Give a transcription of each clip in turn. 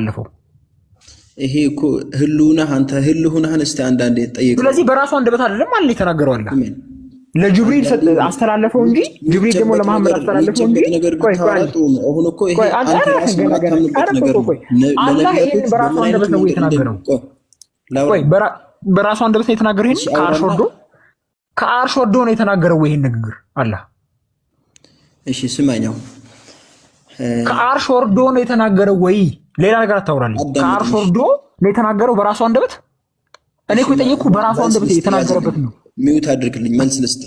የምታሳልፈው? ይሄ እኮ ህልውናህ አንተ ህልውናህን እስቲ አንዳንዴ ጠይቅ። ስለዚህ በራሱ አንደበት አይደለም አለ የተናገረው አለ ለጅብሪል አስተላለፈው እንጂ ጅብሪል ደግሞ ለመሐመድ አስተላለፈው እንጂ። አላህ በራሱ አንደበት ነው የተናገረው። በራሱ አንደበት ነው ከአርሽ ወርዶ ከአርሽ ወርዶ ነው የተናገረው ይሄን ንግግር አላህ። እሺ ስማኛው ከአርሽ ወርዶ ነው የተናገረው ወይ ሌላ ነገር አታውራለች? ከአርሽ ወርዶ ነው የተናገረው በራሱ አንደበት። እኔ እኮ የጠየቅኩ በራሱ አንደበት የተናገረበት ነው። ሚዩት አድርግልኝ። መልስ ልስጥ።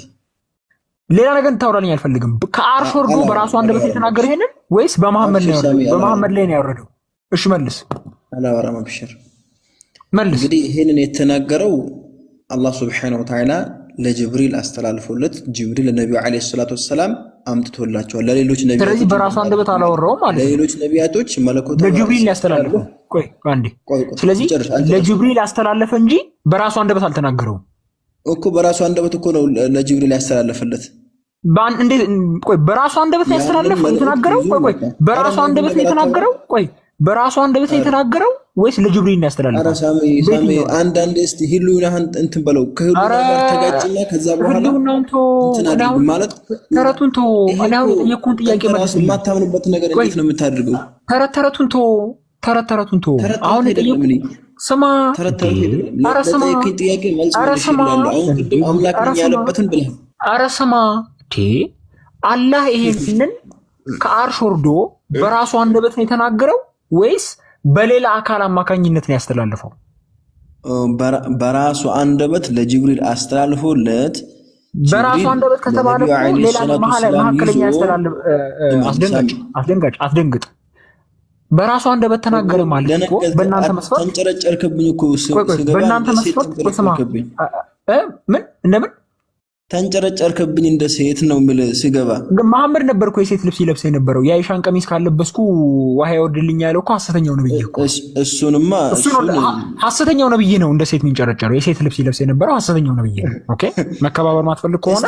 ሌላ ነገር እንታውራልኝ አልፈልግም። ከአርሽ ወርዶ በራሱ አንደበት የተናገረ ይሄንን ወይስ በመሐመድ ላይ በመሐመድ ላይ ነው ያወረደው? እሺ መልስ። አላወራም። አብሽር መልስ። እንግዲህ ይሄንን የተናገረው አላህ ሱብሓነሁ ወተዓላ ለጅብሪል አስተላልፎለት ጅብሪል ለነቢዩ ዓለይሂ ሰላቱ ወሰላም አምጥቶላቸዋል ለሌሎች ነቢያቶች። ስለዚህ በራሱ አንደበት አላወራው ማለት ነው። ለሌሎች ነቢያቶች መለኮት ለጅብሪል ያስተላለፈ ቆይ አንዴ። ስለዚህ ለጅብሪል አስተላለፈ እንጂ በራሱ አንደበት አልተናገረውም እኮ። በራሱ አንደበት እኮ ነው ለጅብሪል ያስተላለፈለት። ቆይ በራሱ አንደበት ነው ያስተላለፈው የተናገረው። ቆይ ቆይ በራሱ አንደበት ነው የተናገረው። ቆይ በራሱ አንደበት የተናገረው ወይስ ለጅብሪል ያስተላልፈው? አንዳንዴ እንትን በለው ጋር ተጋጭና ከዛ በኋላ ማለት ተረቱን ቶ የኩን ጥያቄ የማታምንበት ነገር እንዴት ነው የምታደርገው? ተረት ተረቱን ቶ ተረት ተረቱን ቶ አሁን ስማ ስማ አላህ ይሄንን ከአርሽ ወርዶ በራሱ አንደበት ነው የተናገረው ወይስ በሌላ አካል አማካኝነት ነው ያስተላልፈው? በራሱ አንደበት ለጅብሪል አስተላልፎለት በራሱ አንደበት ከተባለ መካከለኛ ያስተላልፍ። አስደንጋጭ አስደንግጥ። በራሱ አንደበት ተናገረ ማለት እኮ በእናንተ መስፈርት ተንጨረጨርክብኝ እኮ በእናንተ መስፈርት ምን እንደምን ተንጨረጨርክብኝ እንደ ሴት ነው የምልህ። ሲገባ መሐመድ ነበር እኮ የሴት ልብስ ይለብስ የነበረው። የአይሻን ቀሚስ ካለበስኩ ውሃ ያወርድልኝ ያለው እኮ ሐሰተኛው ነብዬ እኮ። እሱንማ ሐሰተኛው ነብዬ ነው እንደ ሴት የሚንጨረጨረው። የሴት ልብስ ይለብስ የነበረው ሐሰተኛው ነብዬ ነው። መከባበር ማትፈልግ ከሆነ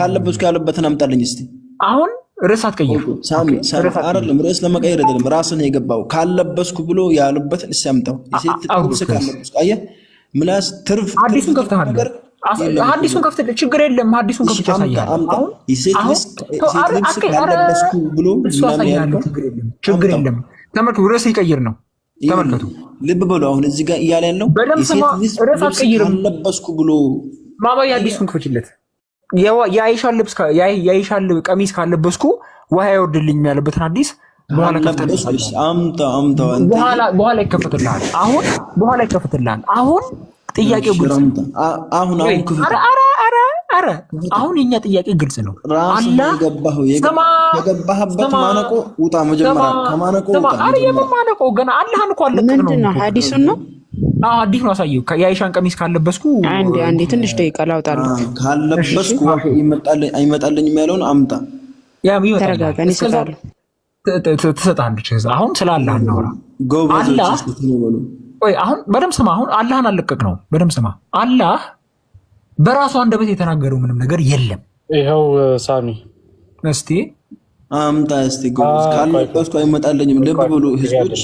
ካለበስኩ ያለበትን አምጣልኝ እስቲ። አሁን ርዕስ አትቀይር ሳሚ። አይደለም ርዕስ ለመቀየር አይደለም፣ ራስን የገባው ካለበስኩ ብሎ ያሉበትን እስኪ አምጣው። የሴት ልብስ ካለበስኩ አየህ፣ ምላስ ትርፍ አዲሱን ከፍተሃል አዲሱን ከፍት ችግር የለም። አዲሱን ከፍት ያሳያል። ችግር የለም። ተመልከቱ፣ ርዕስ ይቀይር ነው። ተመልከቱ፣ ልብ በሉ። አሁን እዚህ ጋር እያለ ያለው ብሎ ማማዬ የአይሻን ልብስ የአይሻን ቀሚስ ካለበስኩ ውሃ አይወርድልኝም ያለበትን በኋላ ይከፈትልሃል። አሁን በኋላ ይከፈትልሃል። አሁን ጥያቄው ግልጽ አሁን አሁን አረ አረ አረ አሁን የኛ ጥያቄ ግልጽ ነው። አላ የገባህበት ማነቆ ውጣ። መጀመሪያ ከማነቆ ውጣ። አረ የማነቆ ገና አላህን እኮ አለቅቅ ነው። ሀዲሱን ነው አዲስ ነው አሳየው። የአይሻን ቀሚስ ካለበስኩ አንዴ አንዴ ትንሽ ደቂቃ ላውጣለሁ። ካለበስኩ አይመጣልኝም ያለውን አምጣ። ያም ተረጋጋን ይሰጣሉ። ትሰጣለች። አሁን ስላለ አናውራ አላ አሁን በደምብ ስማ። አሁን አላህን አለቀቅ ነው። በደምብ ስማ። አላህ በራሱ አንደበት የተናገረው ምንም ነገር የለም። ይኸው ሳሚ እስቲ አምጣ እስቲ ጎዝ ካለበስኩ አይመጣለኝም። ልብ ብሉ ህዝቦች፣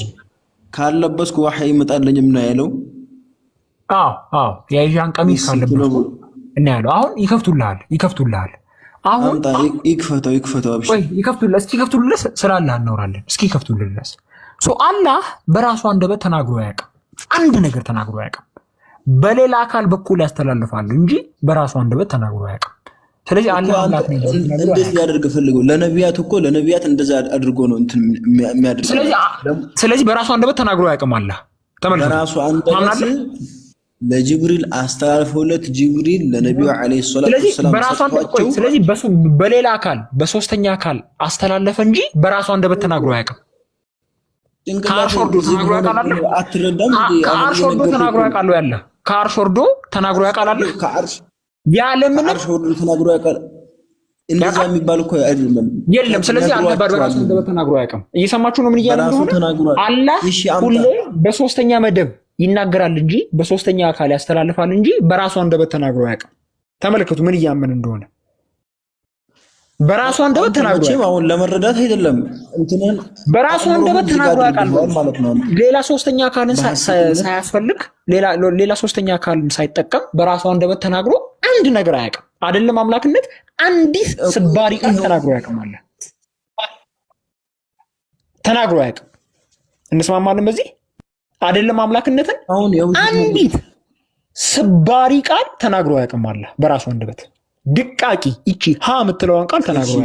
ካለበስኩ ዋህ አይመጣለኝም ነው ያለው። አዎ አዎ፣ የአይሻን ቀሚስ ካለበስኩ እና ያለው። አሁን ይከፍቱልሃል፣ ይከፍቱልሃል። አሁን ይክፈተው፣ ይክፈተው፣ ይከፍቱልህ። እስኪ ይከፍቱልህ፣ ስለ አላህ እናወራለን። እስኪ ይከፍቱልህ። አላህ በራሱ አንደበት ተናግሮ አያውቅም። አንድ ነገር ተናግሮ አያውቅም። በሌላ አካል በኩል ያስተላልፋል እንጂ በራሱ አንደበት ተናግሮ አያውቅም። ስለዚህ አንድ አምላክ ነው። እንዴት ሊያደርግ ለነቢያት እኮ ለነቢያት እንደዛ አድርጎ ነው እንትን የሚያደርግ። ስለዚህ በራሱ አንደበት ተናግሮ አያውቅም። አለ ተመልሱ ለጅብሪል አስተላልፈውለት ጅብሪል ለነቢዩ ዓለይሂ ሰላቱ ወሰላም ስለዚህ በሌላ አካል በሶስተኛ አካል አስተላለፈ እንጂ በራሱ አንደበት ተናግሮ አያውቅም። ከአርሾርዶ ተናግሮ ያውቃል ተናግሮ ያውቃል ተናግሮ ያውቃል። እንደዛ የሚባል እኮ አይደለም የለም። ስለዚህ አንተ በራሱ መደብ ተናግሮ አያውቅም። እየሰማችሁ ነው ምን እያለ እንደሆነ። አላህ ሁሌ በሶስተኛ መደብ ይናገራል እንጂ በሶስተኛ አካል ያስተላልፋል እንጂ በራሱ አንደበት ተናግሮ አያውቅም። ተመልከቱ ምን እያመን እንደሆነ በራሱ አንደበት ተናግሮ አሁን ለመረዳት አይደለም እንትን በራሱ አንደበት ተናግሯል ማለት ነው። ሌላ ሶስተኛ አካልን ሳያስፈልግ ሌላ ሶስተኛ አካልን ሳይጠቀም በራሱ አንደበት ተናግሮ አንድ ነገር አያውቅም። አይደለም አምላክነት አንዲት ስባሪ ቃል ተናግሮ አያውቅም አለ ተናግሮ አያውቅም። እንስማማለን በዚህ አይደለም አምላክነትን አንዲት ስባሪ ቃል ተናግሮ አያውቅም አለ በራሱ አንደበት ድቃቂ እቺ ሀ የምትለዋን ቃል ተናግሮ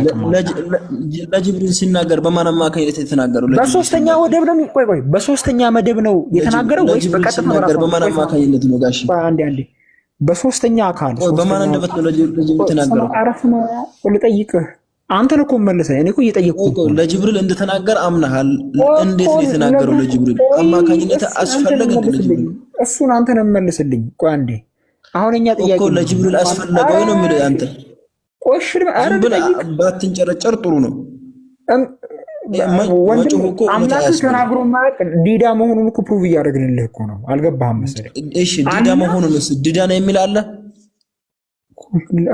ለጅብሪል ሲናገር በማን አማካኝነት የተናገረው? በሶስተኛ ወደብ ነው። ቆይ ቆይ፣ በሶስተኛ መደብ ነው የተናገረው ወይስ በቀጥታ በማን አማካኝነት ነው? ጋሽ አንዴ አንዴ፣ በሶስተኛ አካል በማን አንደበት ነው ለጅብሪል የተናገረው? አረፍ ነው ልጠይቅህ። አንተ ነው እኮ መልሰህ። እኔ እኮ እየጠየቅኩህ ለጅብሪል እንደተናገር አምናሃል። እንዴት ነው የተናገረው? ለጅብሪል አማካኝነት አስፈለገ? ለጅብሪል እሱን አንተ ነው መለስልኝ። ቆይ አንዴ አሁን እኛ ጥያቄ እኮ ለጅብሪል አስፈለገው ነው የሚለው አንተ ቆሽር ባትንጨረጨር ጥሩ ነው። ወንድም ተናግሮ ዲዳ መሆኑን እኮ ፕሩቭ እያደረግንልህ እኮ ነው። አልገባህም መሰለኝ። እሺ ዲዳ መሆኑን ዲዳ ነው የሚል አለ።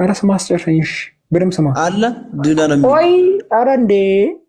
ኧረ ስማ አስጨርሰኝ። እሺ በደምብ ስማ አለ ዲዳ ነው የሚል ቆይ ኧረ እንዴ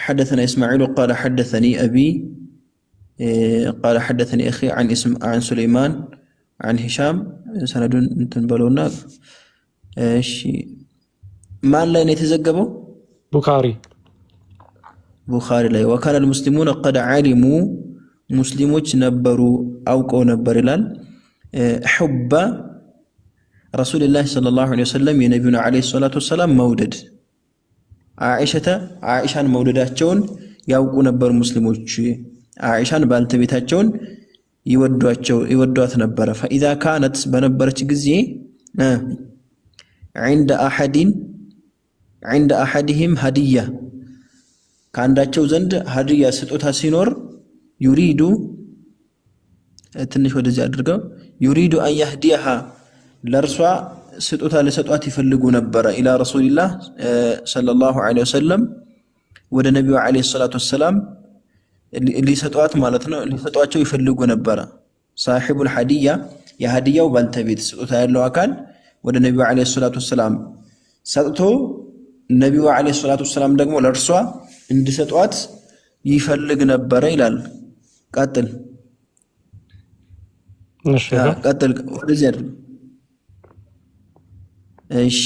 حدثنا إسماعيل قال حدثني أبي قال حدثني أخي عن اسم عن سليمان عن هشام سند تنبلونا እሺ ማን ላይ ነው የተዘገበው? ቡኻሪ ቡኻሪ ላይ ወካነ ልሙስሊሙን ቀድ ዓሊሙ ሙስሊሞች ነበሩ አውቀው ነበር ይላል። ሑባ ረሱልላህ ሰለላሁ ዐለይሂ ወሰለም የነቢዩን ዐለይሂ ሰላቱ ወሰላም መውደድ አይሸተ አይሻን መውደዳቸውን ያውቁ ነበር ሙስሊሞች አይሻን ባልተቤታቸውን ይወዷቸው ይወዷት ነበረ። ፈኢዛ ካነት በነበረች ጊዜ ዒንደ አሐዲን ዒንደ አሐዲሂም ሀዲያ ከአንዳቸው ዘንድ ሀዲያ ስጦታ ሲኖር ዩሪዱ ትንሽ ወደዚህ አድርገው ዩሪዱ አንያህዲያሃ ለእርሷ ስጦታ ለሰጧት ይፈልጉ ነበረ። ኢላ ረሱሊላህ ሰለላሁ ዐለይሂ ወሰለም ወደ ነቢዩ ዐለይሂ ሰላቱ ወሰላም ሊሰጧት ማለት ነው ሊሰጧቸው ይፈልጉ ነበረ። ሳሒቡል ሀዲያ የሀዲያው ባልተቤት ስጦታ ያለው አካል ወደ ነቢዩ ዐለይሂ ሰላቱ ወሰላም ሰጥቶ ነቢዩ ዐለይሂ ሰላቱ ወሰላም ደግሞ ለእርሷ እንዲሰጧት ይፈልግ ነበረ ይላል። ቀጥል ቀጥል፣ ወደዚህ እሺ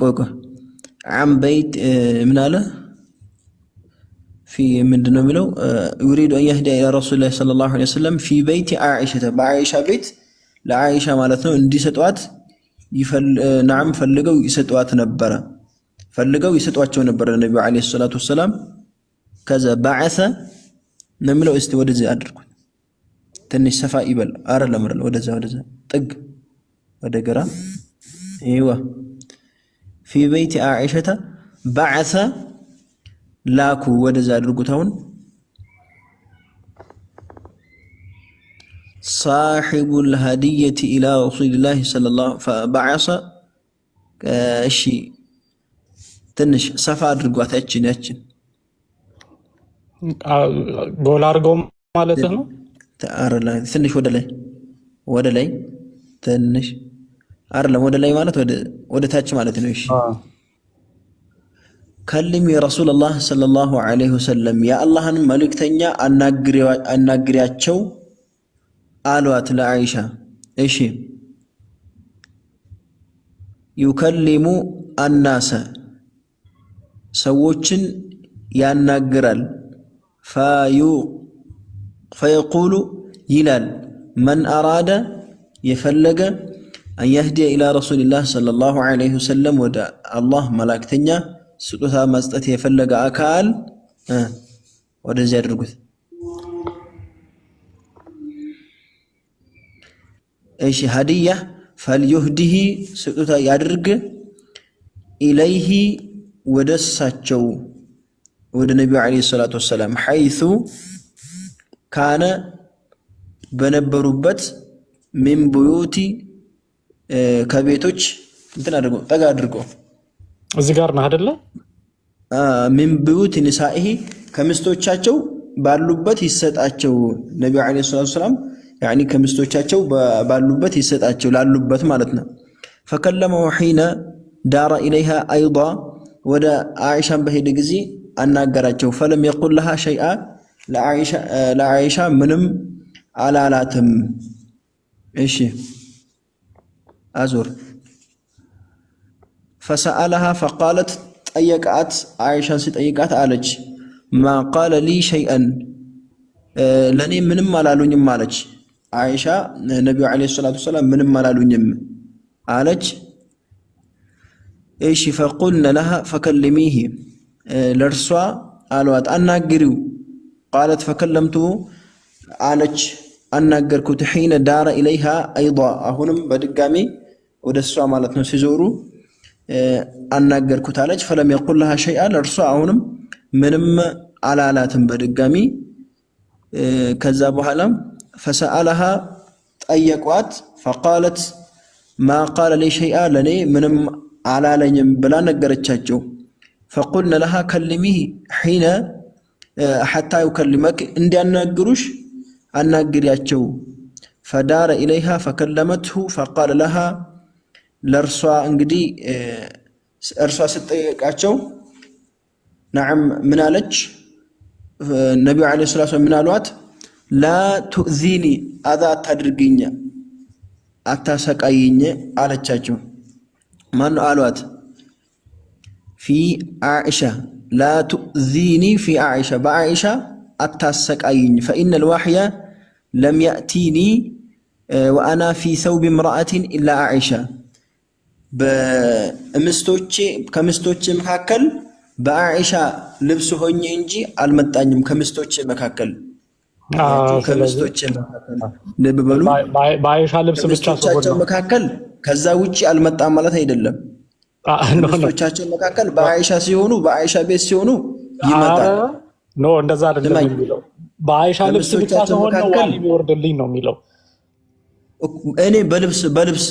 ቆይ ቆይ አም በይት ምን አለ ፊ ምንድን ነው የሚለው? ዩሪዱ አን የህዲያ ኢላ ረሱሊላሂ ሰለላሁ ዐለይሂ ወሰለም ፊ በይቲ አኢሸተ በአኢሻ ቤት ለአኢሻ ማለት ነው እንዲሰጧት ናም ፈልገው ይሰጧት ነበረ ፈልገው ይሰጧቸው ነበረ ነቢዩ ዐለይሂ ሰላቱ ወሰላም። ከዛ በዐሰ ነው የሚለው እስቲ ወደዚህ አድርጉት ትንሽ ሰፋ ይበል። አረ ለምረል ወደዛ ወደዛ ጥግ ወደ ግራ Aiwa. ፊ በይቲ አኢሸተ በዐሰ ላኩ ወደዛ አድርጉት። አሁን ሳሒቡል ሀዲየቲ ኢላ ረሱሊላሂ ሰለላሁ በዐሰ እሺ፣ ትንሽ ሰፋ አድርጓት። ያችን ያችን ጎላ አድርገው ማለት ነው። ትንሽ ወደ ላይ ወደ ላይ ትንሽ አይደለም ወደ ላይ ማለት ወደ ታች ማለት ነው። እሺ ከልም የረሱልላህ ሰለላሁ ዐለይሂ ወሰለም የአላህን መልእክተኛ አናግሪያቸው አሏት ለአይሻ። እሺ ዩከሊሙ አናሰ ሰዎችን ያናግራል። ፈየቁሉ ይላል መን አራደ የፈለገ አንያህዲየ ኢላ ረሱሊላህ ሰለላሁ ዐለይሂ ወሰለም ወደ አላህ መላእክተኛ ስጦታ መስጠት የፈለገ አካል ወደዚህ አድርጉት። እሺ ሀዲያ ፈልዩህዲሂ ስጦታ ያድርግ ኢለይሂ ወደ እሳቸው ወደ ነቢዩ ዐለይሂ ሰላቱ ወሰላም ሐይሱ ካነ በነበሩበት ሚን ቡዩቲ ከቤቶች እንትን አድርጎ ጠጋ አድርጎ እዚህ ጋር ነህ አደለ? ሚን ቡዩት ኒሳኢሂ ከሚስቶቻቸው ባሉበት ይሰጣቸው። ነቢዩ ዓለይሂ ሰላቱ ወሰላም ከሚስቶቻቸው ባሉበት ይሰጣቸው ላሉበት ማለት ነው። ፈከለመው ሒነ ዳረ ኢለይሃ አይዳ ወደ አይሻን በሄደ ጊዜ አናገራቸው። ፈለም የቁል ለሃ ሸይአ ለአይሻ ምንም አላላትም። እሺ አዙር ፈሰአለሃ ፈቃለት ጠየቃት። አይሻን ሲጠይቃት አለች ማ ቃለ ሊ ሸይአን ለእኔ ምንም አላሉኝም አለች። አይሻ ነቢዩ ዓለይሂ ሰላቱ ወሰላም ምንም አላሉኝም አለች። እሺ ፈቁልነ ለሃ ፈከልሚህ ለእርሷ አልዋት አናግሪው። ቃለት ፈከለምቱ አለች አናገርኩት። ሒነ ዳረ ኢለይሃ አይዷ አሁንም በድጋሚ ወደ እሷ ማለት ነው ሲዞሩ አናገርኩት አለች። ፈለም የቁልሃ ሸይአ ለእርሷ አሁንም ምንም አላላትም በድጋሚ ከዛ በኋላ ፈሰአለሃ ጠየቋት። ፈቃለት ማ ቃለ ሊ ሸይአ ለእኔ ምንም አላለኝም ብላ ነገረቻቸው። ፈቁልነ ለሃ ከልሚህ ሒነ ሓታ ዩከልመክ እንዲያናግሩሽ አናግሪያቸው። ፈዳረ ኢለይሃ ፈከለመትሁ ፈቃለ ለሃ ለእርሷ እንግዲህ እርሷ ስጠየቃቸው ነዓም ምን አለች? ነቢዩ ዓለይሂ ሰላቱ ምን አሏት? ላ ቱእዚኒ አዛ አታድርግኝ፣ አታሰቃይኝ አለቻቸው። ማን ነው አሏት? ፊ አኢሻ ላ ቱእዚኒ ፊ አኢሻ በአኢሻ አታሰቃይኝ። ፈኢነ ልዋሕያ ለም ያእቲኒ ወአና ፊ ሰውብ ምርአትን ኢላ አኢሻ በምስቶቼ ከምስቶቼ መካከል በአይሻ ልብስ ሆኜ እንጂ አልመጣኝም። ከምስቶቼ መካከል ከምስቶቼ መካከል ልብ በሉ፣ በአኢሻ ልብስ ብቻቸው መካከል ከዛ ውጭ አልመጣም ማለት አይደለም። ከምስቶቻቸው መካከል በአይሻ ሲሆኑ በአይሻ ቤት ሲሆኑ ይመጣል። ኖ እንደዛ አይደለም የሚለው በአኢሻ ልብስ ብቻ ሆነ ዋሊ የሚወርድልኝ ነው የሚለው እኔ በልብስ በልብስ